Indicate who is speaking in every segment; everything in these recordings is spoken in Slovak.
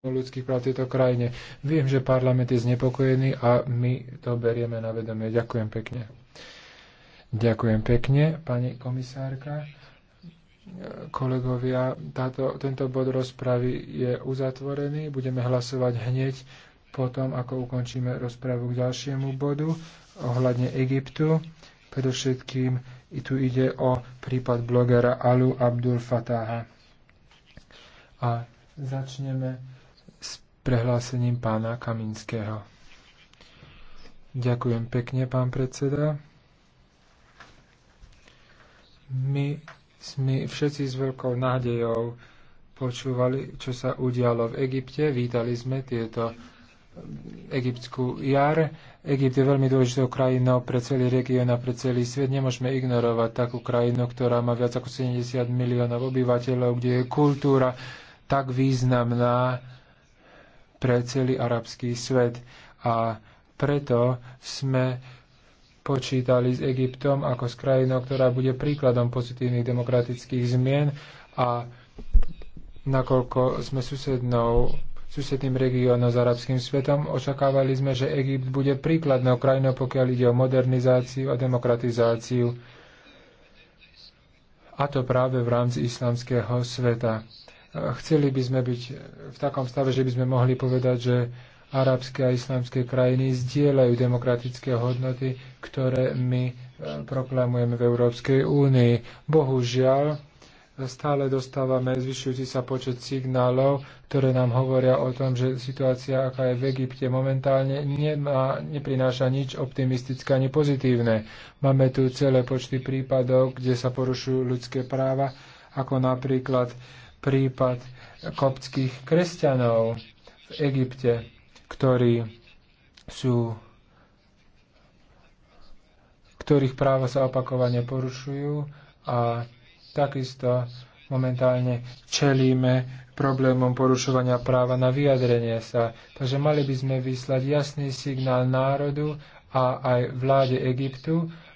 Speaker 1: ľudských práv v tejto krajine. Viem, že parlament je znepokojený a my to berieme na vedomie. Ďakujem pekne. Ďakujem pekne, pani komisárka. Kolegovia, táto, tento bod rozpravy je uzatvorený. Budeme hlasovať hneď potom, ako ukončíme rozpravu k ďalšiemu bodu ohľadne Egyptu. Predovšetkým i tu ide o prípad blogera Alu Abdul Fataha. A začneme prehlásením pána Kaminského. Ďakujem pekne, pán predseda. My sme všetci s veľkou nádejou počúvali, čo sa udialo v Egypte. Vítali sme tieto um, egyptskú jar. Egypt je veľmi dôležitou krajinou pre celý región a pre celý svet. Nemôžeme ignorovať takú krajinu, ktorá má viac ako 70 miliónov obyvateľov, kde je kultúra tak významná, pre celý arabský svet. A preto sme počítali s Egyptom ako s krajinou, ktorá bude príkladom pozitívnych demokratických zmien a nakoľko sme susednou susedným regiónom s arabským svetom, očakávali sme, že Egypt bude príkladnou krajinou, pokiaľ ide o modernizáciu a demokratizáciu. A to práve v rámci islamského sveta. Chceli by sme byť v takom stave, že by sme mohli povedať, že arabské a islamské krajiny zdieľajú demokratické hodnoty, ktoré my e, proklamujeme v Európskej únii. Bohužiaľ, stále dostávame zvyšujúci sa počet signálov, ktoré nám hovoria o tom, že situácia, aká je v Egypte momentálne, nemá, neprináša nič optimistické ani pozitívne. Máme tu celé počty prípadov, kde sa porušujú ľudské práva, ako napríklad prípad koptských kresťanov v Egypte, ktorí sú ktorých práva sa opakovane porušujú a takisto momentálne čelíme problémom porušovania práva na vyjadrenie sa. Takže mali by sme vyslať jasný signál národu a aj vláde Egyptu,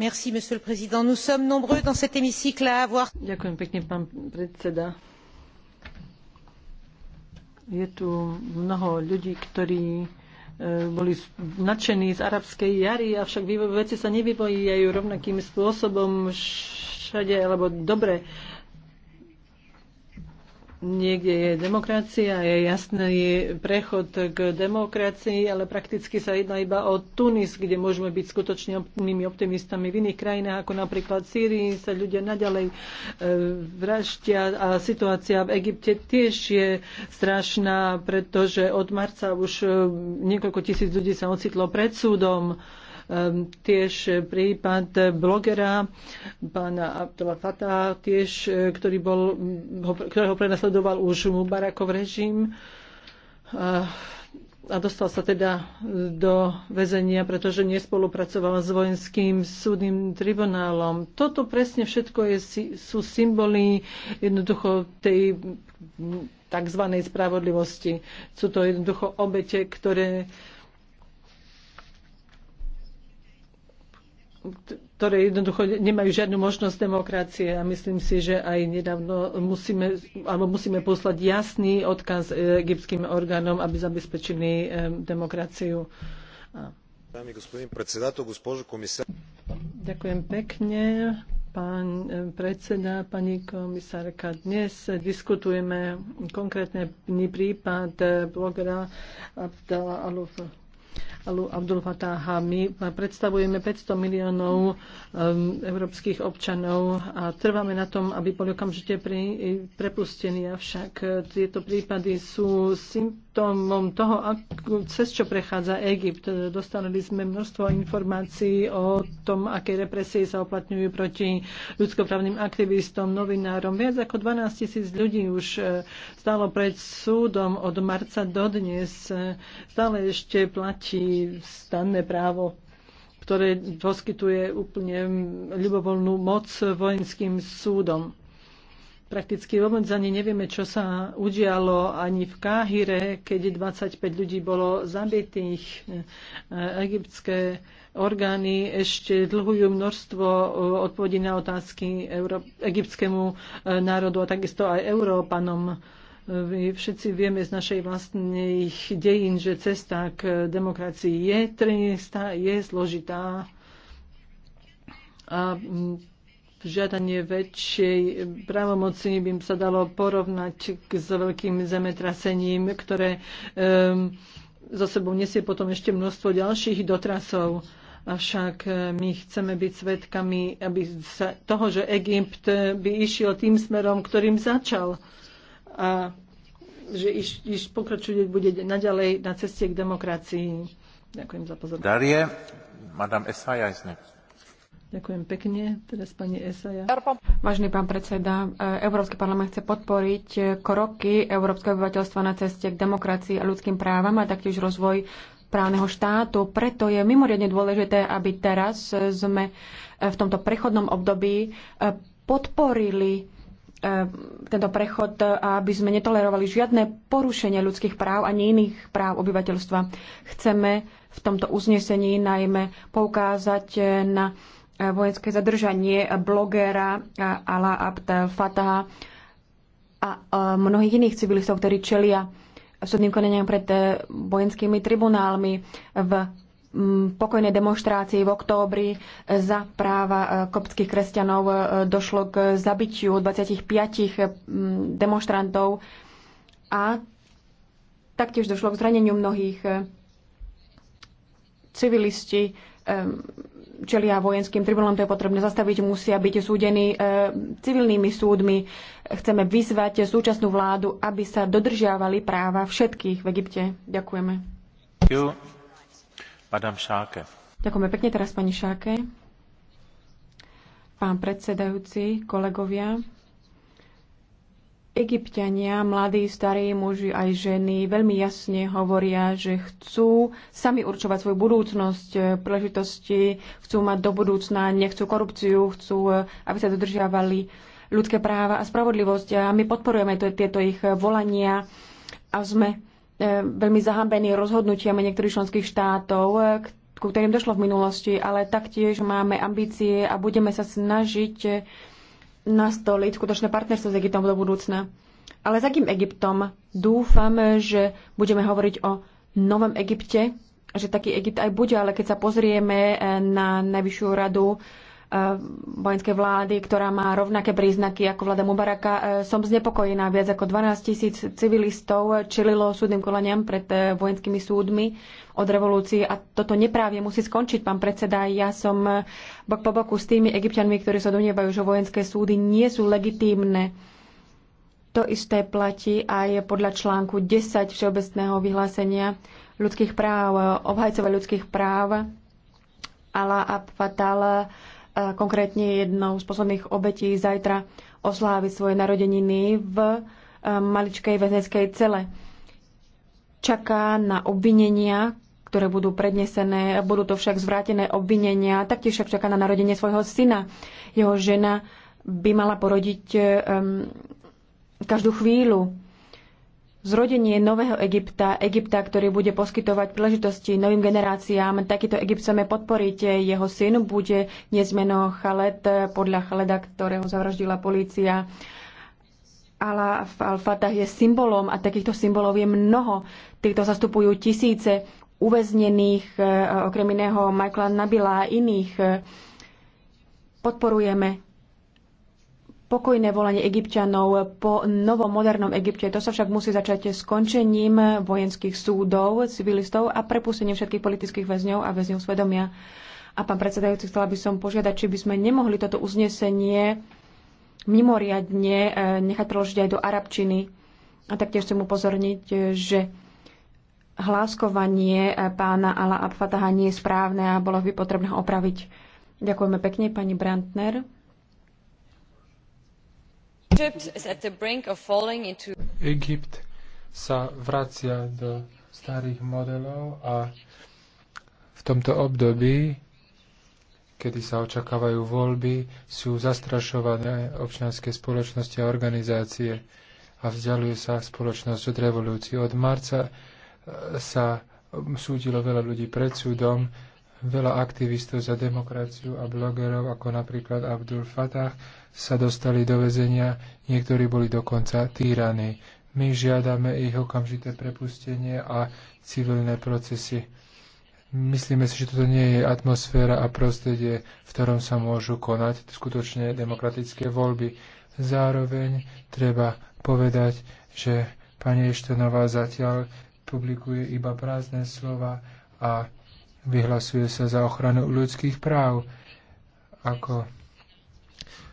Speaker 2: monsieur le président. Nous sommes nombreux dans cet hémicycle à avoir... Je tu mnoho ľudí, ktorí e, nadšení z arabskej jary, avšak veci sa rovnakým alebo niekde je demokracia, je jasný prechod k demokracii, ale prakticky sa jedná iba o Tunis, kde môžeme byť skutočne optimými optimistami. V iných krajinách, ako napríklad v Sýrii, sa ľudia naďalej e, vraždia a situácia v Egypte tiež je strašná, pretože od marca už e, niekoľko tisíc ľudí sa ocitlo pred súdom. Ehm, tiež prípad blogera pána Abdullah Fata tiež, e, ktorý bol, ktorého prenasledoval už Mubarakov režim. A, dostal sa teda e, do väzenia, pretože nespolupracoval s vojenským súdnym tribunálom. Toto presne všetko je, sú symboly jednoducho tej tzv. spravodlivosti. Sú to jednoducho obete, ktoré ktoré jednoducho nemajú žiadnu možnosť demokracie a myslím si, že aj nedávno musíme, alebo musíme poslať jasný odkaz e, egyptským orgánom, aby zabezpečili e, demokraciu. Ďakujem pekne. Pán e, predseda, pani komisárka, dnes diskutujeme konkrétny prípad blogera Abdala Alufa Alu Abdul Fataha. My predstavujeme 500 miliónov um, európskych občanov a trváme na tom, aby boli okamžite pri, prepustení. Avšak eh, tieto prípady sú symptómom toho, ako, cez čo prechádza Egypt. Dostali sme množstvo informácií o tom, aké represie sa uplatňujú proti ľudskoprávnym aktivistom, novinárom. Viac ako 12 tisíc ľudí už eh, stálo pred súdom od marca do dnes. Stále ešte platí stanné právo ktoré poskytuje úplne ľubovoľnú moc vojenským súdom. Prakticky vôbec ani nevieme, čo sa udialo ani v Káhire, keď 25 ľudí bolo zabitých. Egyptské orgány ešte dlhujú množstvo odpovedí na otázky egyptskému eh, národu a takisto aj Európanom my Všetci vieme z našej vlastnej dejín, že cesta k demokracii je trinistá, je zložitá a žiadanie väčšej právomoci by sa dalo porovnať s veľkým zemetrasením, ktoré um, za sebou nesie potom ešte množstvo ďalších dotrasov. Avšak e, my chceme byť svetkami aby sa, toho, že Egypt by išiel tým smerom, ktorým začal a že iš, iš pokračuje, bude naďalej na ceste k demokracii.
Speaker 3: Ďakujem za pozornosť.
Speaker 4: Darie, Madame Esaja is next.
Speaker 3: Ďakujem pekne. Teraz pani Esaja. Vážený pán predseda, Európsky parlament chce podporiť kroky európskeho obyvateľstva na ceste k demokracii a ľudským právam a taktiež rozvoj právneho štátu. Preto je mimoriadne dôležité, aby teraz sme v tomto prechodnom období podporili Eh, tento prechod, aby sme netolerovali žiadne porušenie ľudských práv ani iných práv obyvateľstva. Chceme v tomto uznesení najmä poukázať na eh, vojenské zadržanie blogéra eh, Ala Abd Fataha a mnohých iných civilistov, ktorí čelia súdnym koneniam pred vojenskými tribunálmi v pokojnej demonstrácii v októbri za práva e, koptských kresťanov e, došlo k zabitiu 25 demonstrantov a taktiež došlo k zraneniu mnohých civilisti e, čelia vojenským tribunálom, to je potrebné zastaviť, musia byť súdení civilnými súdmi. Chceme vyzvať súčasnú vládu, aby sa dodržiavali práva všetkých v Egypte. Ďakujeme.
Speaker 1: Ďakujem. Madame Šáke.
Speaker 3: Ďakujeme pekne teraz pani Šáke. Pán predsedajúci, kolegovia, Egyptiania, mladí, starí muži aj ženy veľmi jasne hovoria, že chcú sami určovať svoju budúcnosť, eh, príležitosti, chcú mať do budúcna, nechcú korupciu, chcú, eh, aby sa dodržiavali ľudské práva a spravodlivosť. A my podporujeme tieto ich volania a sme E, veľmi zahambenými rozhodnutiami niektorých členských štátov, e, ku ktorým došlo v minulosti, ale taktiež máme ambície a budeme sa snažiť nastoliť skutočné partnerstvo s Egyptom do budúcna. Ale s akým Egyptom? Dúfam, že budeme hovoriť o novom Egypte, že taký Egypt aj bude, ale keď sa pozrieme e, na Najvyššiu radu Eh, vojenskej vlády, ktorá má rovnaké príznaky ako vláda Mubaraka. Eh, som znepokojená. Viac ako 12 tisíc civilistov čelilo súdnym koleniam pred eh, vojenskými súdmi od revolúcií a toto neprávie musí skončiť, pán predseda. Ja som bok po boku s tými egyptianmi, ktorí sa domnievajú, že vojenské súdy nie sú legitímne. To isté platí aj podľa článku 10 Všeobecného vyhlásenia ľudských práv, obhajcova ľudských práv Ala Abfatal konkrétne jednou z posledných obetí zajtra oslávi svoje narodeniny v maličkej väzenskej cele. Čaká na obvinenia, ktoré budú prednesené, budú to však zvrátené obvinenia, taktiež však čaká na narodenie svojho syna. Jeho žena by mala porodiť um, každú chvíľu zrodenie nového Egypta, Egypta, ktorý bude poskytovať príležitosti novým generáciám. Takýto Egypt chceme podporiť. Jeho syn bude nezmeno Chalet, podľa Chaleda, ktorého zavraždila polícia. Ale Al-Fatah je symbolom a takýchto symbolov je mnoho. Týchto zastupujú tisíce uväznených, eh, okrem iného Michaela Nabila a iných. Podporujeme pokojné volanie egyptianov po novom modernom Egypte. To sa však musí začať skončením vojenských súdov, civilistov a prepustením všetkých politických väzňov a väzňov svedomia. A pán predsedajúci, chcela by som požiadať, či by sme nemohli toto uznesenie mimoriadne eh, nechať preložiť aj do arabčiny. A taktiež chcem upozorniť, že hláskovanie eh, pána Ala Abfataha nie je správne a bolo by potrebné opraviť. Ďakujeme pekne, pani Brandner.
Speaker 1: Egypt sa vracia do starých modelov a v tomto období, kedy sa očakávajú voľby, sú zastrašované občianske spoločnosti a organizácie a vzdialujú sa spoločnosť od revolúcie. Od marca e, sa súdilo veľa ľudí pred súdom, veľa aktivistov za demokraciu a blogerov, ako napríklad Abdul Fatah, sa dostali do väzenia, niektorí boli dokonca týraní. My žiadame ich okamžité prepustenie a civilné procesy. Myslíme si, že toto nie je atmosféra a prostredie, v ktorom sa môžu konať skutočne demokratické voľby. Zároveň treba povedať, že pani Eštenová zatiaľ publikuje iba prázdne slova a vyhlasuje sa za ochranu ľudských práv. Ako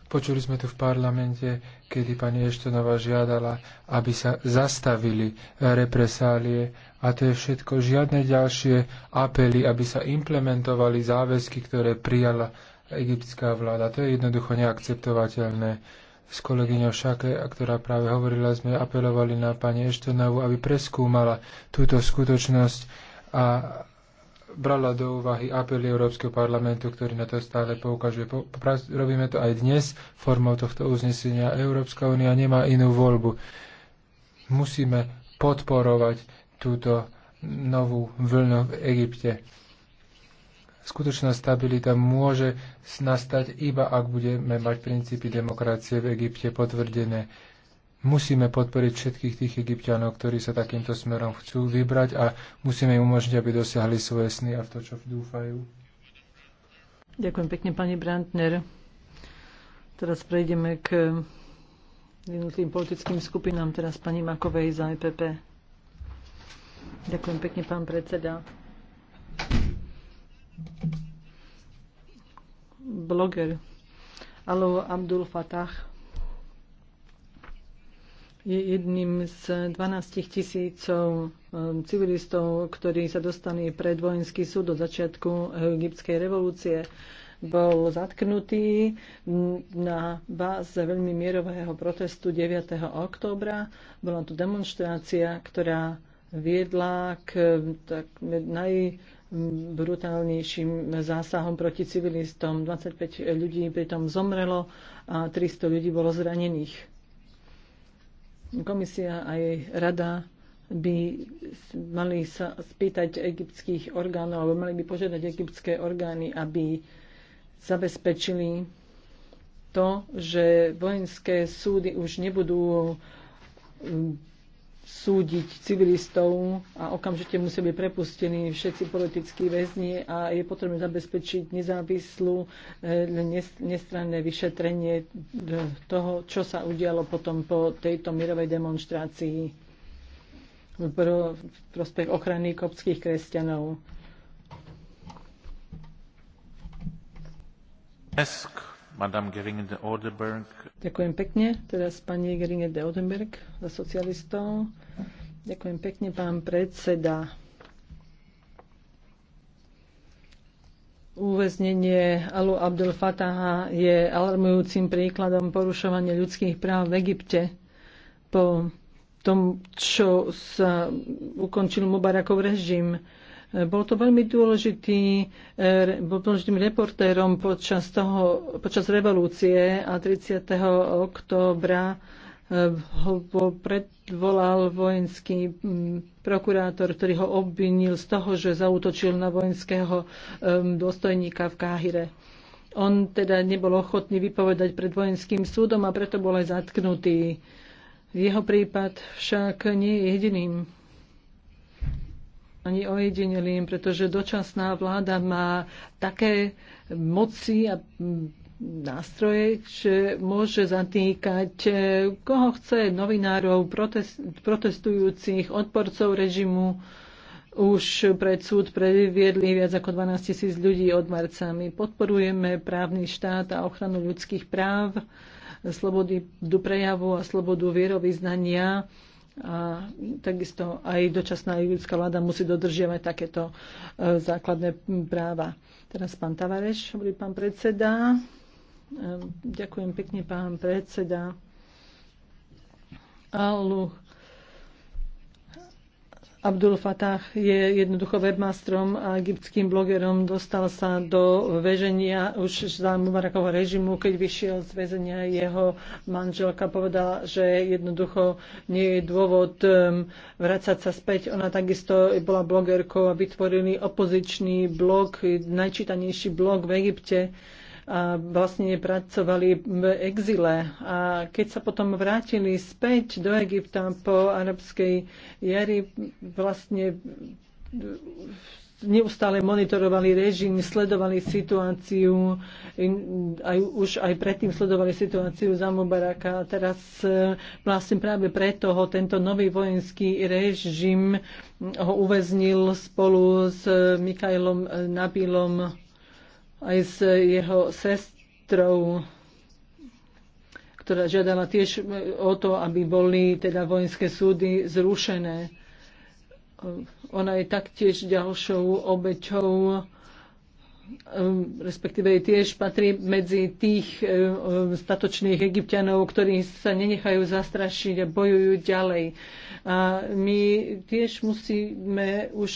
Speaker 1: počuli sme tu v parlamente, kedy pani Eštonová žiadala, aby sa zastavili represálie a to je všetko. Žiadne ďalšie apely, aby sa implementovali záväzky, ktoré prijala egyptská vláda. To je jednoducho neakceptovateľné. S kolegyňou Šake, ktorá práve hovorila, sme apelovali na pani Eštonovu, aby preskúmala túto skutočnosť a brala do úvahy apely Európskeho parlamentu, ktorý na to stále poukažuje. Robíme to aj dnes formou tohto uznesenia. Európska únia nemá inú voľbu. Musíme podporovať túto novú vlnu v Egypte. Skutočná stabilita môže nastať iba, ak budeme mať princípy demokracie v Egypte potvrdené musíme podporiť všetkých tých egyptianov, ktorí sa takýmto smerom chcú vybrať a musíme im umožniť, aby dosiahli svoje sny a v to, čo dúfajú.
Speaker 2: Ďakujem pekne, pani Brandner. Teraz prejdeme k jednotlivým politickým skupinám. Teraz pani Makovej za EPP. Ďakujem pekne, pán predseda. Bloger Alo Abdul Fatah je jedným z 12 tisícov um, civilistov, ktorí sa dostali pred vojenský súd do začiatku egyptskej revolúcie. Bol zatknutý na báze veľmi mierového protestu 9. októbra. Bola tu demonstrácia, ktorá viedla k tak, naj, brutálnejším zásahom proti civilistom. 25 ľudí pritom zomrelo a 300 ľudí bolo zranených komisia aj rada by mali sa spýtať egyptských orgánov, alebo mali by požiadať egyptské orgány, aby zabezpečili to, že vojenské súdy už nebudú mm, súdiť civilistov a okamžite musia byť prepustení všetci politickí väzni a je potrebné zabezpečiť nezávislú, eh, nestranné vyšetrenie eh, toho, čo sa udialo potom po tejto mirovej demonstrácii v prospech ochrany kopských kresťanov.
Speaker 4: k Ďakujem
Speaker 2: pekne. Teraz pani Geringe de Odenberg za socialistov. Ďakujem pekne, pán predseda. Uväznenie Alu Abdel Fataha je alarmujúcim príkladom porušovania ľudských práv v Egypte. Po tom, čo sa ukončil Mubarakov režim, bol to veľmi dôležitý, eh, bol dôležitým reportérom počas, toho, počas revolúcie a 30. októbra eh, ho predvolal vojenský mm, prokurátor, ktorý ho obvinil z toho, že zautočil na vojenského dôstojníka v Káhire. On teda nebol ochotný vypovedať pred vojenským súdom a preto bol aj zatknutý. Jeho prípad však nie je jediným ani ojedinelým, pretože dočasná vláda má také moci a nástroje, že môže zatýkať e, koho chce, novinárov, protest, protestujúcich, odporcov režimu. Už pred súd previedli viac ako 12 tisíc ľudí od marca. My podporujeme právny štát a ochranu ľudských práv, slobody prejavu a slobodu vierovýznania a takisto aj dočasná ľudská vláda musí dodržiavať takéto e, základné práva. Teraz pán Tavareš, hovorí pán predseda. E, ďakujem pekne, pán predseda. Alu Abdul Fatah je jednoducho webmastrom a egyptským blogerom. Dostal sa do väženia už za Mubarakovho režimu. Keď vyšiel z väzenia, jeho manželka povedala, že jednoducho nie je dôvod um, vrácať sa späť. Ona takisto bola blogerkou a vytvorili opozičný blog, najčítanejší blog v Egypte a vlastne pracovali v exile. A keď sa potom vrátili späť do Egypta po arabskej jari, vlastne neustále monitorovali režim, sledovali situáciu, aj, už aj predtým sledovali situáciu za Mubaraka a teraz e, vlastne práve preto ho tento nový vojenský režim ho uväznil spolu s Mikajlom Nabilom aj s eh, jeho sestrou, ktorá žiadala tiež eh, o to, aby boli teda vojenské súdy zrušené. Ona je taktiež ďalšou obeťou eh, respektíve tiež patrí medzi tých statočných egyptianov, ktorí sa nenechajú zastrašiť a bojujú ďalej. A my tiež musíme už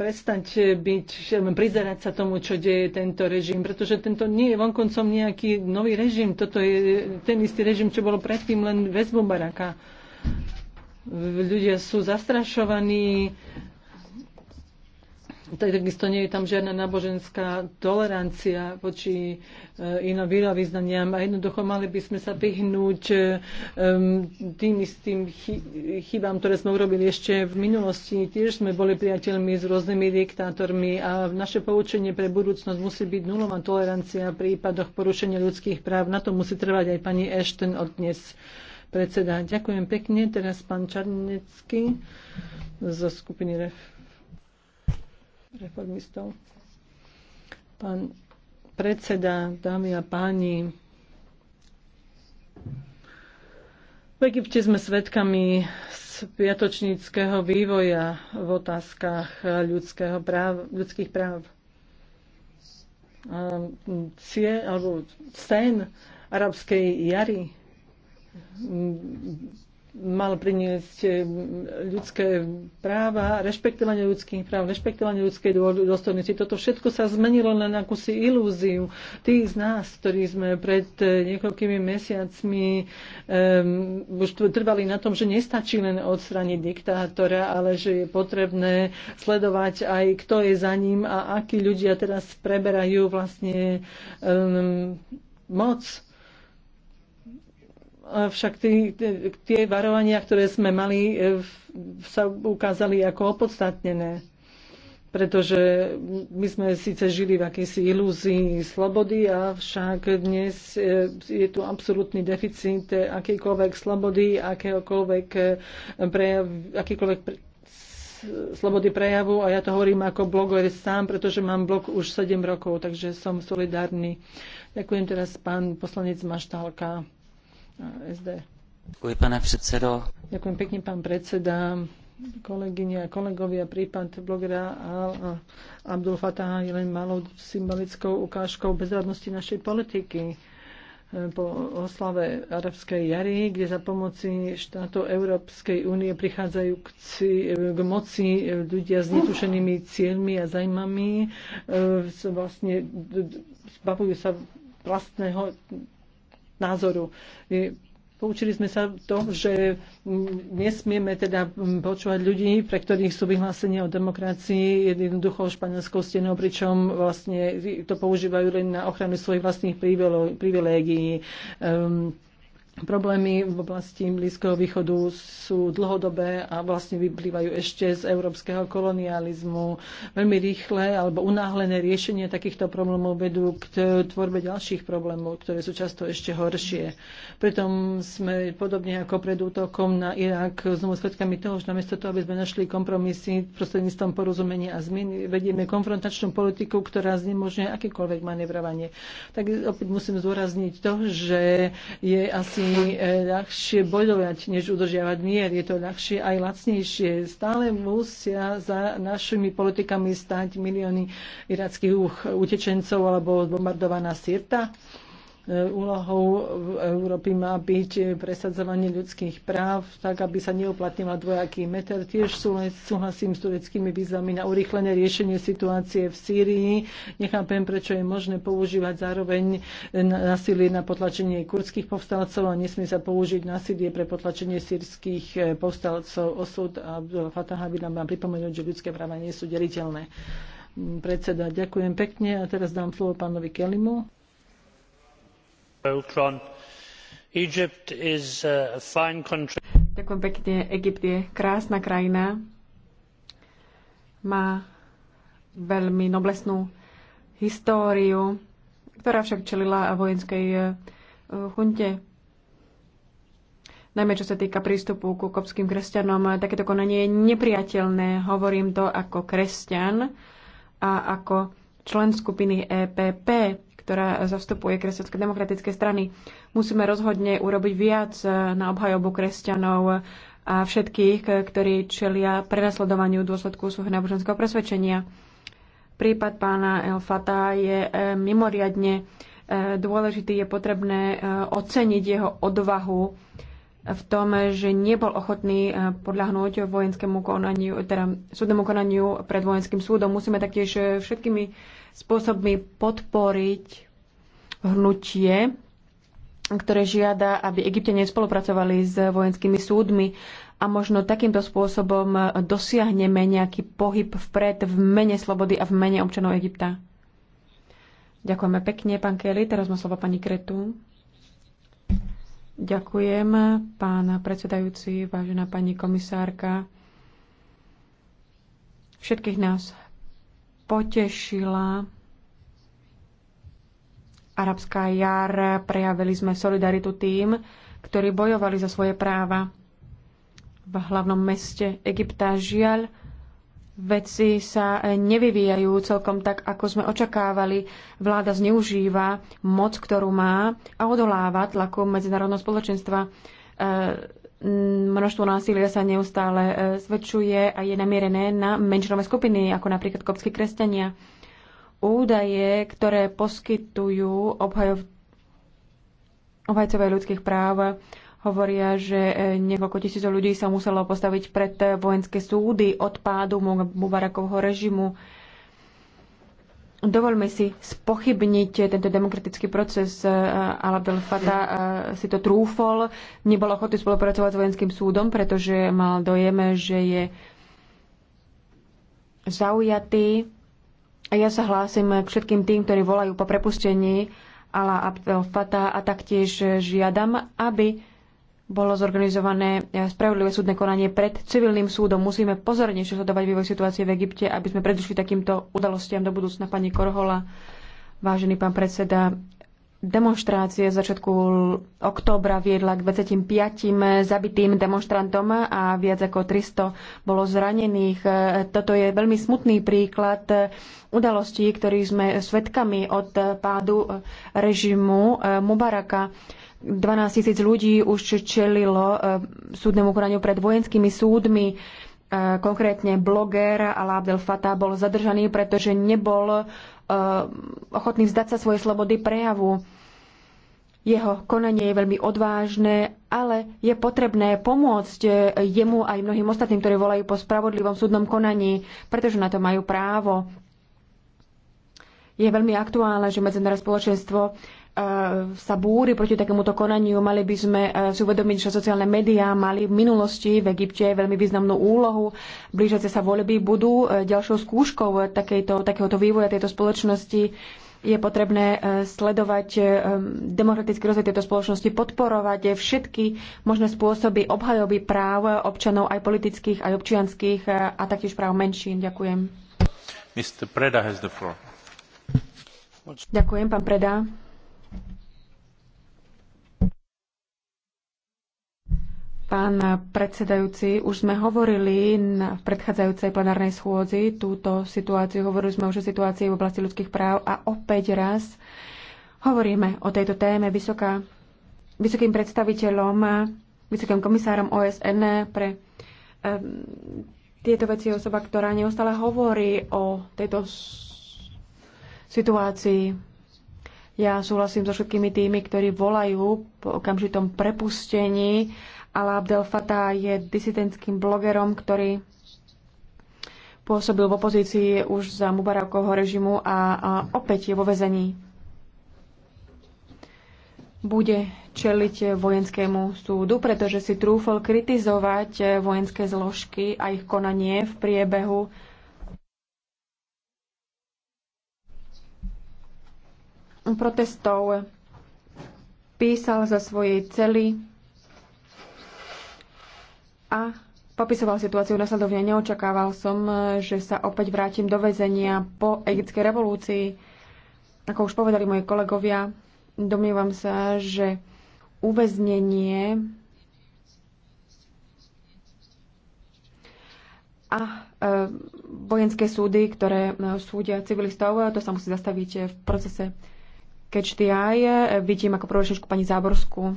Speaker 2: prestať byť, prizerať sa tomu, čo deje tento režim, pretože tento nie je vonkoncom nejaký nový režim. Toto je ten istý režim, čo bolo predtým len väzbu baraka. Ľudia sú zastrašovaní, Takisto nie je tam žiadna náboženská tolerancia voči e, inom vierovýznaniam a jednoducho mali by sme sa vyhnúť e, tým istým chybám, ktoré sme urobili ešte v minulosti. Tiež sme boli priateľmi s rôznymi diktátormi a naše poučenie pre budúcnosť musí byť nulová tolerancia v prípadoch porušenia ľudských práv. Na to musí trvať aj pani Ashton od dnes predseda. Ďakujem pekne. Teraz pán Čarnecký zo skupiny REF reformistov. Pán predseda, dámy a páni, v Egypte sme svedkami piatočníckého vývoja v otázkach ľudského práv, ľudských práv. Cie, alebo sen arabskej jary mal priniesť eh, ľudské práva, rešpektovanie ľudských práv, rešpektovanie ľudskej dôstojnosti. Toto všetko sa zmenilo len akúsi ilúziu. Tí z nás, ktorí sme pred eh, niekoľkými mesiacmi um, už trvali na tom, že nestačí len odstraniť diktátora, ale že je potrebné sledovať aj, kto je za ním a akí ľudia teraz preberajú vlastne um, moc však tí, tie varovania, ktoré sme mali, e, sa ukázali ako opodstatnené. Pretože my sme síce žili v akejsi ilúzii slobody, avšak dnes e, je tu absolútny deficit akýkoľvek slobody, akýkoľvek e, prejav, akýkoľvek pre, slobody prejavu a ja to hovorím ako bloger sám, pretože mám blog už 7 rokov, takže som solidárny. Ďakujem teraz pán poslanec Maštálka. SD. Ďakujem, pane predsedo. Ďakujem pekne, pán predseda kolegyne a kolegovia, prípad blogera Abdul Fataha je len malou symbolickou ukážkou bezradnosti našej politiky po oslave arabskej jary, kde za pomoci štátov Európskej únie prichádzajú k, k moci ľudia s netušenými cieľmi a zajmami, e, vlastne zbavujú sa vlastného názoru. Poučili sme sa to, že nesmieme teda počúvať ľudí, pre ktorých sú vyhlásenia o demokracii jednoducho španielskou stenou, pričom vlastne to používajú len na ochranu svojich vlastných privilégií. Ehm, Problémy v oblasti Blízkeho východu sú dlhodobé a vlastne vyplývajú ešte z európskeho kolonializmu. Veľmi rýchle alebo unáhlené riešenie takýchto problémov vedú k tvorbe ďalších problémov, ktoré sú často ešte horšie. Preto sme podobne ako pred útokom na Irak znovu svedkami toho, že namiesto toho, aby sme našli kompromisy prostredníctvom porozumenia a zmeny, vedieme konfrontačnú politiku, ktorá znemožňuje akékoľvek manevrovanie. Tak opäť musím zdôrazniť to, že je asi veľmi e, ľahšie bojovať, než udržiavať mier. Je to ľahšie aj lacnejšie. Stále musia za našimi politikami stať milióny irackých utečencov alebo bombardovaná Sirta úlohou Európy má byť presadzovanie ľudských práv, tak aby sa neoplatnila dvojaký meter. Tiež súhlasím s tureckými výzvami na urýchlené riešenie situácie v Sýrii. Nechápem, prečo je možné používať zároveň nasilie, na potlačenie kurdských povstalcov a nesmie sa použiť nasilie pre potlačenie sírských e, povstalcov. Osud a Fataha by nám má pripomenúť, že ľudské práva nie sú deliteľné. Mm, predseda, ďakujem pekne a teraz dám slovo pánovi Kelimu.
Speaker 1: Uh,
Speaker 3: pekne. Egypt je krásna krajina. Má veľmi noblesnú históriu, ktorá však čelila vojenskej uh, chunte. Najmä čo sa týka prístupu ku kopským kresťanom, takéto konanie je nepriateľné. Hovorím to ako kresťan a ako člen skupiny EPP ktorá zastupuje kresťanské demokratické strany. Musíme rozhodne urobiť viac eh, na obhajobu kresťanov a všetkých, eh, ktorí čelia prenasledovaniu dôsledku svojho náboženského presvedčenia. Prípad pána El Fata je eh, mimoriadne dôležitý, je potrebné oceniť jeho odvahu v tom, že nebol ochotný eh, podľahnúť vojenskému konaniu, teda súdnemu konaniu pred vojenským súdom. Musíme taktiež eh, všetkými spôsobmi podporiť hnutie, ktoré žiada, aby Egypte spolupracovali s vojenskými súdmi a možno takýmto spôsobom eh, dosiahneme nejaký pohyb vpred v mene slobody a v mene občanov Egypta. Ďakujeme pekne, pán Kelly. Teraz má slovo pani Kretu. Ďakujem, pán predsedajúci, vážená pani komisárka. Všetkých nás potešila arabská jar. Prejavili sme solidaritu tým, ktorí bojovali za svoje práva v hlavnom meste Egypta. Žiaľ, veci sa eh, nevyvíjajú celkom tak, ako sme očakávali. Vláda zneužíva moc, ktorú má a odoláva tlaku medzinárodného spoločenstva. Eh, množstvo násilia sa neustále eh, zväčšuje a je namierené na menšinové skupiny, ako napríklad kopskí kresťania. Údaje, ktoré poskytujú obhajov, obhajcové ľudských práv, hovoria, že e, niekoľko tisíc ľudí sa muselo postaviť pred e, vojenské súdy od pádu Mubarakovho režimu. Dovolme si spochybniť tento demokratický proces. E, Al-Abdel si to trúfol, Nebolo ochotný spolupracovať s vojenským súdom, pretože mal dojem, že je zaujatý. A ja sa hlásim k všetkým tým, ktorí volajú po prepustení Ala Abdel a taktiež žiadam, aby bolo zorganizované eh, spravodlivé súdne konanie pred civilným súdom. Musíme pozornejšie sledovať vývoj situácie v Egypte, aby sme predišli takýmto udalostiam do budúcna. Pani Korhola, vážený pán predseda, demonstrácie z začiatku októbra viedla k 25 zabitým demonstrantom a viac ako 300 bolo zranených. Toto je veľmi smutný príklad udalostí, ktorých sme svedkami od pádu režimu eh, Mubaraka. 12 tisíc ľudí už čelilo e, súdnemu konaniu pred vojenskými súdmi. E, konkrétne bloger Alá Abdel Fattah bol zadržaný, pretože nebol e, ochotný vzdať sa svojej slobody prejavu. Jeho konanie je veľmi odvážne, ale je potrebné pomôcť jemu aj mnohým ostatným, ktorí volajú po spravodlivom súdnom konaní, pretože na to majú právo. Je veľmi aktuálne, že medzinárodné spoločenstvo E, sa búri proti takémuto konaniu. Mali by sme e, si uvedomiť, že sociálne médiá mali v minulosti v Egypte veľmi významnú úlohu. Blížiace sa voľby budú e, ďalšou skúškou takejto, takéhoto vývoja tejto spoločnosti. Je potrebné sledovať demokratický rozvoj tejto spoločnosti, podporovať všetky možné spôsoby obhajoby práv občanov aj politických, aj občianských a taktiež práv menšín. Ďakujem. Ďakujem, pán Preda. Pán predsedajúci, už sme hovorili na predchádzajúcej plenárnej schôdzi túto situáciu, hovorili sme už o situácii v oblasti ľudských práv a opäť raz hovoríme o tejto téme vysoká, vysokým predstaviteľom, vysokým komisárom OSN pre um, tieto veci osoba, ktorá neustále hovorí o tejto situácii ja súhlasím so všetkými tými, ktorí volajú po okamžitom prepustení Ala Abdel Fattah je disidentským blogerom, ktorý pôsobil v opozícii už za Mubarakovho režimu a, a opäť je vo vezení. Bude čeliť vojenskému súdu, pretože si trúfol kritizovať vojenské zložky a ich konanie v priebehu protestov. Písal za svojej cely a popisoval situáciu nasledovne. Neočakával som, že sa opäť vrátim do väzenia po egyptskej revolúcii. Ako už povedali moji kolegovia, domnievam sa, že uväznenie a e, vojenské súdy, ktoré e, súdia civilistov, e, to sa musí zastaviť v procese Catch the Eye. Vidím ako prvočnešku pani Záborskú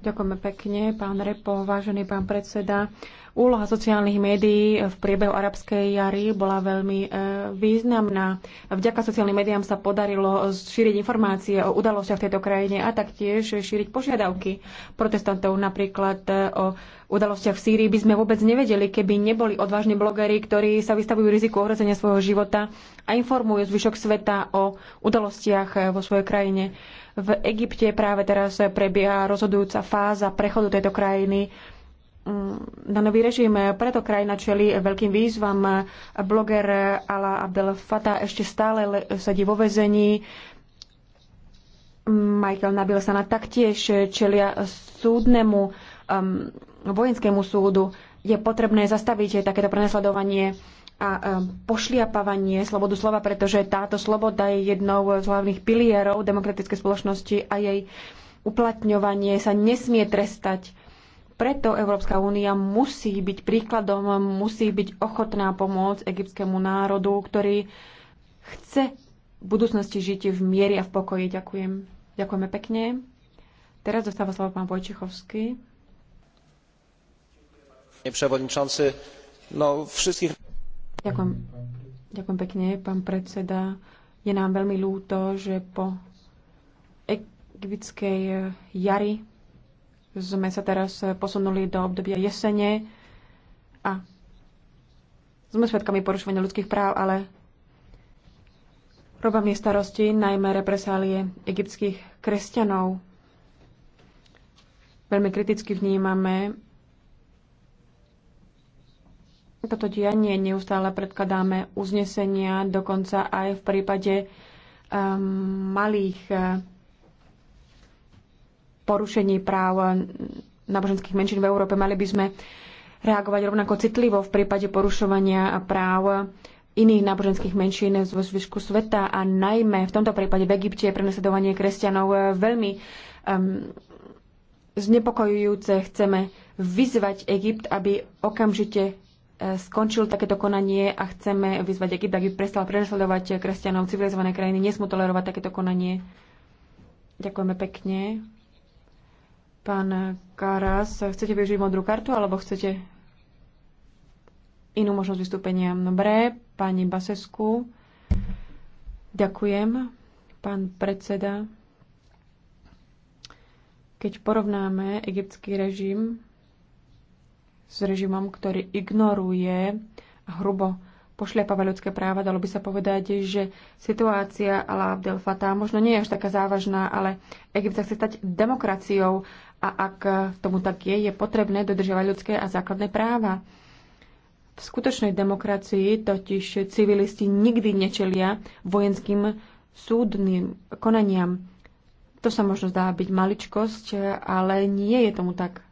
Speaker 3: Ďakujeme pekne, pán Repo, vážený pán predseda. Úloha sociálnych médií v priebehu arabskej jary bola veľmi e, významná. Vďaka sociálnym médiám sa podarilo šíriť informácie o udalostiach v tejto krajine a taktiež šíriť požiadavky protestantov napríklad e, o udalostiach v Sýrii by sme vôbec nevedeli, keby neboli odvážni blogeri, ktorí sa vystavujú riziku ohrozenia svojho života a informujú zvyšok sveta o udalostiach e, vo svojej krajine. V Egypte práve teraz prebieha rozhodujúca fáza prechodu tejto krajiny mm, na nový režim. Preto krajina čeli veľkým výzvam. Bloger Ala Abdel Fattah ešte stále sedí vo vezení. Michael Nabil Sana taktiež čelia súdnemu um, vojenskému súdu. Je potrebné zastaviť takéto prenasledovanie a e, pošliapávanie slobodu slova, pretože táto sloboda je jednou z hlavných pilierov demokratickej spoločnosti a jej uplatňovanie sa nesmie trestať. Preto Európska únia musí byť príkladom, musí byť ochotná pomôcť egyptskému národu, ktorý chce v budúcnosti žiť v miery a v pokoji. Ďakujem. Ďakujeme pekne. Teraz dostáva slovo pán Vojčichovský.
Speaker 1: Panie przewodniczący, no wszystkich
Speaker 3: Ďakujem. Ďakujem pekne, pán predseda. Je nám veľmi ľúto, že po egyptskej eh, jari sme sa teraz eh, posunuli do obdobia jesene a sme svedkami porušovania ľudských práv, ale robia mi starosti najmä represálie egyptských kresťanov. Veľmi kriticky vnímame toto dianie neustále predkladáme uznesenia, dokonca aj v prípade um, malých uh, porušení práv náboženských menšín v Európe. Mali by sme reagovať rovnako citlivo v prípade porušovania práv iných náboženských menšín zo zvyšku sveta a najmä v tomto prípade v Egypte je prenasledovanie kresťanov uh, veľmi um, znepokojujúce. Chceme vyzvať Egypt, aby okamžite skončil takéto konanie a chceme vyzvať Egypt, aby prestal prenasledovať kresťanov. Civilizované krajiny nesmú tolerovať takéto konanie. Ďakujeme pekne. Pán Karas, chcete využiť modrú kartu alebo chcete inú možnosť vystúpenia? Dobre, pani Basesku. Ďakujem, pán predseda. Keď porovnáme egyptský režim s režimom, ktorý ignoruje a hrubo pošliapava ľudské práva. Dalo by sa povedať, že situácia Ala Abdel Fatah možno nie je až taká závažná, ale Egypt sa chce stať demokraciou a ak tomu tak je, je potrebné dodržiavať ľudské a základné práva. V skutočnej demokracii totiž civilisti nikdy nečelia vojenským súdnym konaniam. To sa možno zdá byť maličkosť, ale nie je tomu tak.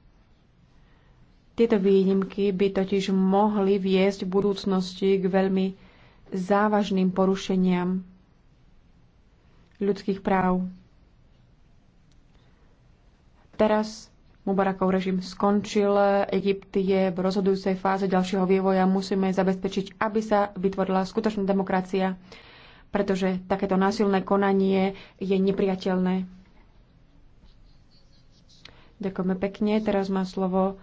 Speaker 3: Tieto výnimky by totiž mohli viesť v budúcnosti k veľmi závažným porušeniam ľudských práv. Teraz Mubarakov režim skončil, Egypt je v rozhodujúcej fáze ďalšieho vývoja, musíme zabezpečiť, aby sa vytvorila skutočná demokracia, pretože takéto násilné konanie je nepriateľné. Ďakujeme pekne. Teraz má slovo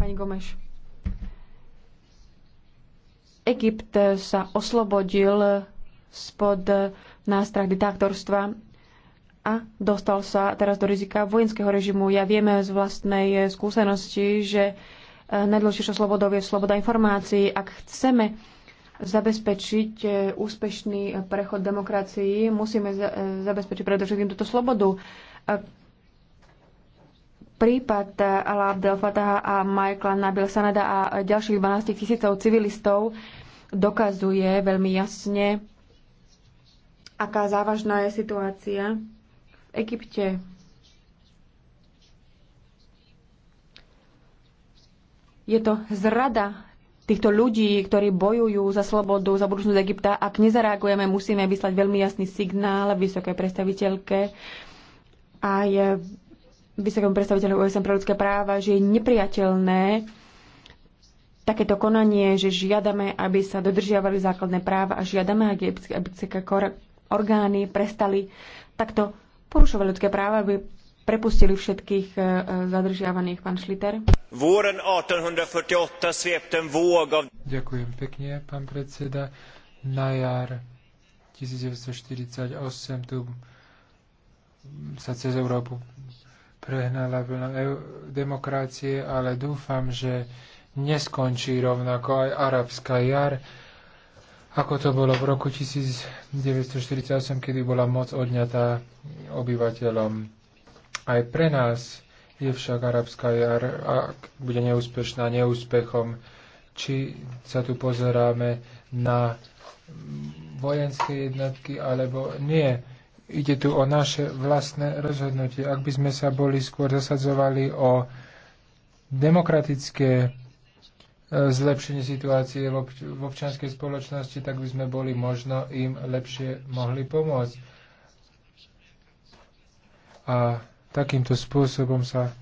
Speaker 3: Pani Gomeš. Egypt sa oslobodil spod nástrah diktátorstva a dostal sa teraz do rizika vojenského režimu. Ja vieme z vlastnej skúsenosti, že e, najdôležitejšou slobodou je sloboda informácií. Ak chceme zabezpečiť e, úspešný prechod demokracií, musíme e, zabezpečiť predovšetkým túto slobodu prípad Ala Abdel Fataha a Michaela Nabil Sanada a ďalších 12 tisícov civilistov dokazuje veľmi jasne, aká závažná je situácia v Egypte. Je to zrada týchto ľudí, ktorí bojujú za slobodu, za budúcnosť Egypta. Ak nezareagujeme, musíme vyslať veľmi jasný signál vysokej predstaviteľke aj vysokému predstaviteľu OSN pre ľudské práva, že je nepriateľné takéto konanie, že žiadame, aby sa dodržiavali základné práva a žiadame, aby sa orgány prestali takto porušovať ľudské práva, aby prepustili všetkých e, e, zadržiavaných. Pán Šliter.
Speaker 1: Ďakujem pekne, pán predseda. Na jar 1948 tu sa cez Európu prehnala vlna demokracie, ale dúfam, že neskončí rovnako aj arabská jar, ako to bolo v roku 1948, kedy bola moc odňatá obyvateľom. Aj pre nás je však arabská jar, ak bude neúspešná neúspechom, či sa tu pozeráme na vojenské jednotky alebo nie Ide tu o naše vlastné rozhodnutie. Ak by sme sa boli skôr zasadzovali o demokratické e, zlepšenie situácie v, občianskej spoločnosti, tak by sme boli možno im lepšie mohli pomôcť. A takýmto spôsobom sa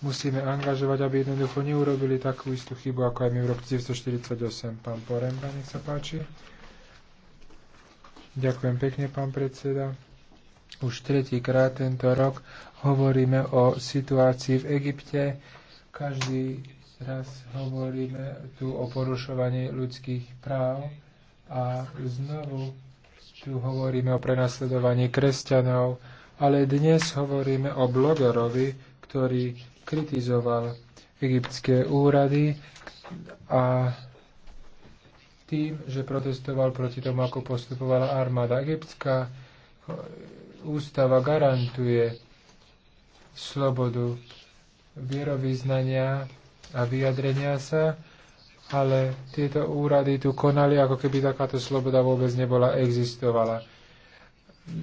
Speaker 1: musíme angažovať, aby jednoducho neurobili takú istú chybu, ako aj my v roku 1948. Pán Poremba, nech sa páči. Ďakujem pekne, pán predseda. Už tretíkrát tento rok hovoríme o situácii v Egypte. Každý raz hovoríme tu o porušovaní ľudských práv a znovu tu hovoríme o prenasledovaní kresťanov, ale dnes hovoríme o blogerovi, ktorý kritizoval egyptské úrady a tým, že protestoval proti tomu, ako postupovala armáda egyptská, ústava garantuje slobodu vierovýznania a vyjadrenia sa, ale tieto úrady tu konali, ako keby takáto sloboda vôbec nebola existovala.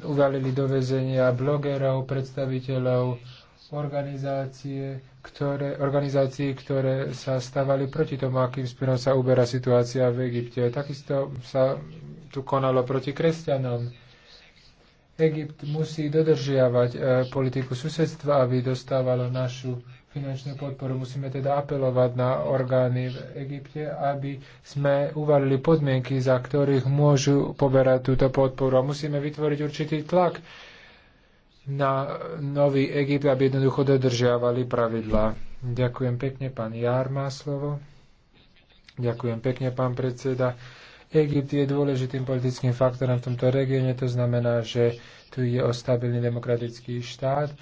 Speaker 1: Uvalili do vezenia blogerov, predstaviteľov organizácie, ktoré, organizácií, ktoré sa stávali proti tomu, akým smerom sa uberá situácia v Egypte. Takisto sa tu konalo proti kresťanom Egypt musí dodržiavať e, politiku susedstva, aby dostávalo našu finančnú podporu. Musíme teda apelovať na orgány v Egypte, aby sme uvalili podmienky, za ktorých môžu poberať túto podporu. A musíme vytvoriť určitý tlak na nový Egypt, aby jednoducho dodržiavali pravidlá. Ďakujem pekne, pán Jár má slovo. Ďakujem pekne, pán predseda. Egypt je dôležitým politickým faktorom v tomto regióne, to znamená, že tu je o stabilný demokratický štát.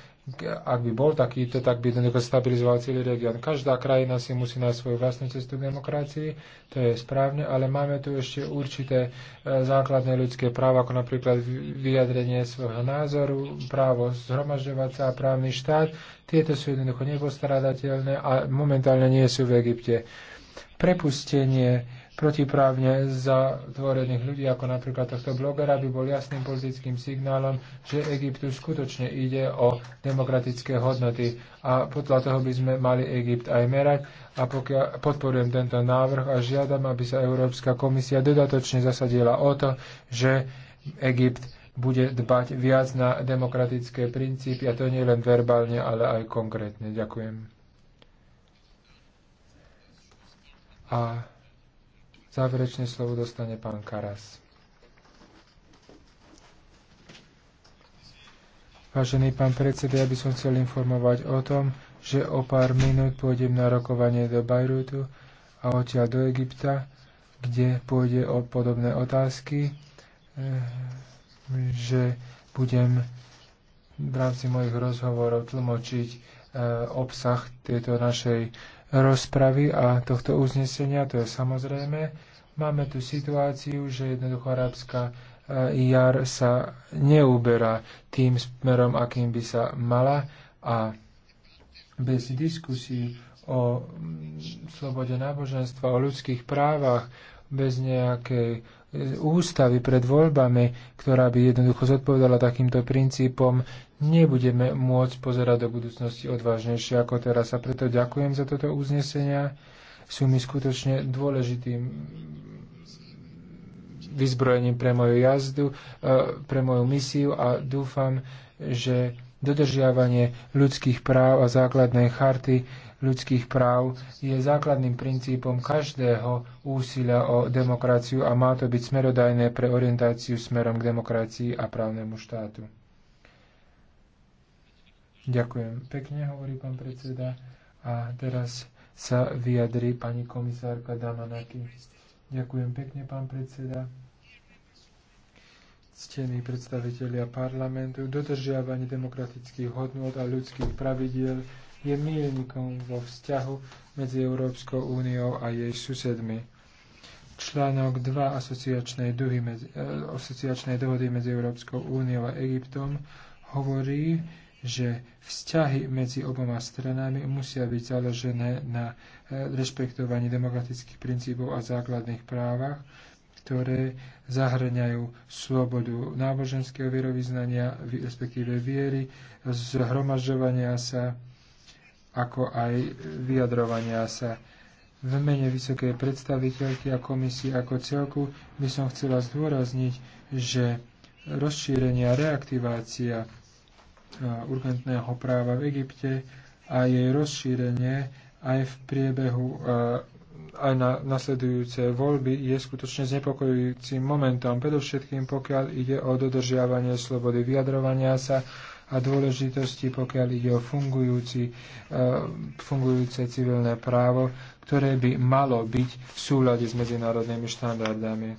Speaker 1: Ak by bol takýto, tak by jednoducho stabilizoval celý región. Každá krajina si musí nájsť svoju vlastnú cestu k demokracii, to je správne, ale máme tu ešte určité e, základné ľudské práva, ako napríklad vyjadrenie svojho názoru, právo zhromažďovať sa a právny štát. Tieto sú jednoducho nepostradateľné a momentálne nie sú v Egypte. Prepustenie protiprávne zatvorených ľudí, ako napríklad tohto blogera, by bol jasným politickým signálom, že Egyptu skutočne ide o demokratické hodnoty. A podľa toho by sme mali Egypt aj merať. A pokia podporujem tento návrh a žiadam, aby sa Európska komisia dodatočne zasadila o to, že Egypt bude dbať viac na demokratické princípy, a to nie len verbálne, ale aj konkrétne. Ďakujem. A Záverečné slovo dostane pán Karas. Vážený pán predseda, ja by som chcel informovať o tom, že o pár minút pôjdem na rokovanie do Bajrútu a odtiaľ do Egypta, kde pôjde o podobné otázky, eh, že budem v rámci mojich rozhovorov tlmočiť eh, obsah tejto našej rozpravy a tohto uznesenia, to je samozrejme. Máme tu situáciu, že jednoducho arabská eh, jar sa neuberá tým smerom, akým by sa mala a bez diskusí o mm, slobode náboženstva, o ľudských právach, bez nejakej E, ústavy pred voľbami, ktorá by jednoducho zodpovedala takýmto princípom, nebudeme môcť pozerať do budúcnosti odvážnejšie ako teraz. A preto ďakujem za toto uznesenia. Sú mi skutočne dôležitým vyzbrojením pre moju jazdu, e, pre moju misiu a dúfam, že dodržiavanie ľudských práv a základnej charty ľudských práv je základným princípom každého úsilia o demokraciu a má to byť smerodajné pre orientáciu smerom k demokracii a právnemu štátu. Ďakujem pekne, hovorí pán predseda. A teraz sa vyjadri pani komisárka Damanaki. Ďakujem pekne, pán predseda ctení predstavitelia parlamentu, dodržiavanie demokratických hodnot a ľudských pravidiel je mílnikom vo vzťahu medzi Európskou úniou a jej susedmi. Článok 2 asociačnej, duhy medzi, e, asociačnej dohody medzi Európskou úniou a Egyptom hovorí, že vzťahy medzi oboma stranami musia byť založené na e, rešpektovaní demokratických princípov a základných právach, ktoré zahrňajú slobodu náboženského vierovýznania, respektíve viery, zhromažďovania sa, ako aj vyjadrovania sa. V mene vysokej predstaviteľky a komisie ako celku by som chcela zdôrazniť, že rozšírenie a reaktivácia e, urgentného práva v Egypte a jej rozšírenie aj v priebehu e, aj na nasledujúce voľby je skutočne znepokojujúcim momentom, predovšetkým pokiaľ ide o dodržiavanie slobody vyjadrovania sa, a dôležitosti, pokiaľ ide o fungujúci, e, fungujúce civilné právo, ktoré by malo byť v súlade s medzinárodnými štandardami.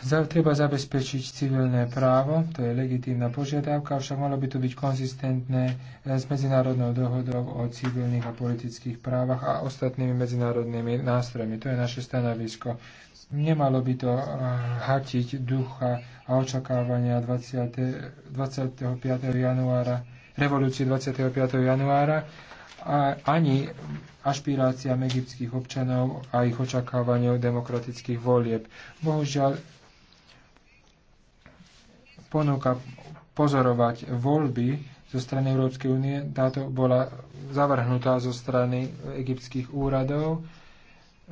Speaker 1: Treba zabezpečiť civilné právo, to je legitímna požiadavka, však malo by to byť konzistentné e, s medzinárodnou dohodou o civilných a politických právach a ostatnými medzinárodnými nástrojmi. To je naše stanovisko. Nemalo by to eh, hatiť ducha a očakávania 20, 25. januára, revolúcie 25. januára, a ani ašpiráciám egyptských občanov a ich očakávaniu demokratických volieb. Bohužiaľ, ponúka pozorovať voľby zo strany Európskej únie, táto bola zavrhnutá zo strany egyptských úradov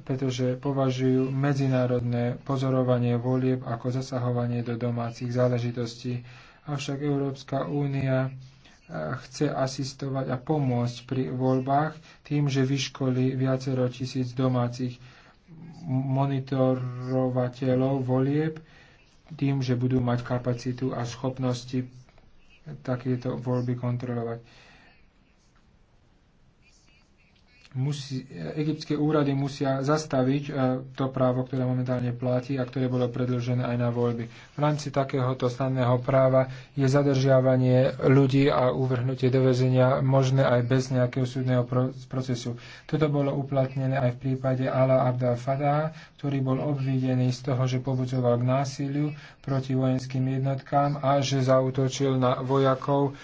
Speaker 1: pretože považujú medzinárodné pozorovanie volieb ako zasahovanie do domácich záležitostí. Avšak Európska únia eh, chce asistovať a pomôcť pri voľbách tým, že vyškolí viacero tisíc domácich monitorovateľov volieb, tým, že budú mať kapacitu a schopnosti takéto voľby kontrolovať. musí, egyptské úrady musia zastaviť e, to právo, ktoré momentálne platí a ktoré bolo predlžené aj na voľby. V rámci takéhoto stanného práva je zadržiavanie ľudí a uvrhnutie do väzenia možné aj bez nejakého súdneho procesu. Toto bolo uplatnené aj v prípade Ala Abdel Fadá, ktorý bol obvidený z toho, že pobudzoval k násiliu proti vojenským jednotkám a že zautočil na vojakov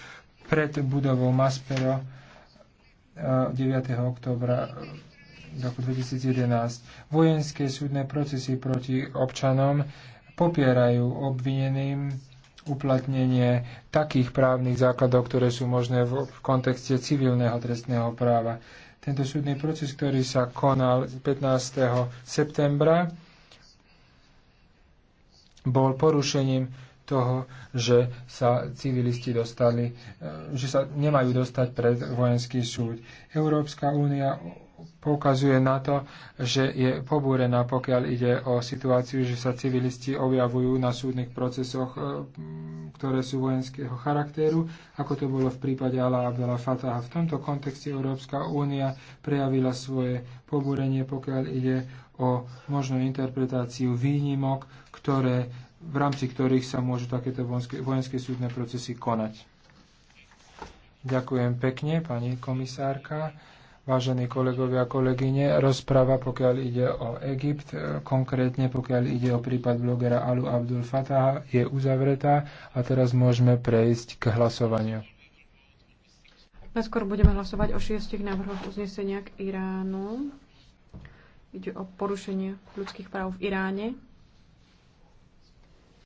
Speaker 1: pred budovou Maspero 9. oktobra e, roku 2011. Vojenské súdne procesy proti občanom popierajú obvineným uplatnenie takých právnych základov, ktoré sú možné v kontexte civilného trestného práva. Tento súdny proces, ktorý sa konal 15. septembra, bol porušením toho, že sa civilisti dostali, e, že sa nemajú dostať pred vojenský súd. Európska únia poukazuje na to, že je pobúrená, pokiaľ ide o situáciu, že sa civilisti objavujú na súdnych procesoch, e, ktoré sú vojenského charakteru, ako to bolo v prípade Alá Abdela Fataha. V tomto kontexte Európska únia prejavila svoje pobúrenie, pokiaľ ide o možnú interpretáciu výnimok, ktoré v rámci ktorých sa môžu takéto vojenské, vojenské súdne procesy konať. Ďakujem pekne, pani komisárka. Vážení kolegovia a kolegyne, rozpráva, pokiaľ ide o Egypt, e, konkrétne pokiaľ ide o prípad blogera Alu Abdul Fataha, je uzavretá a teraz môžeme prejsť k hlasovaniu.
Speaker 3: Najskôr budeme hlasovať o šiestich návrhoch uznesenia k Iránu. Ide o porušenie ľudských práv v Iráne.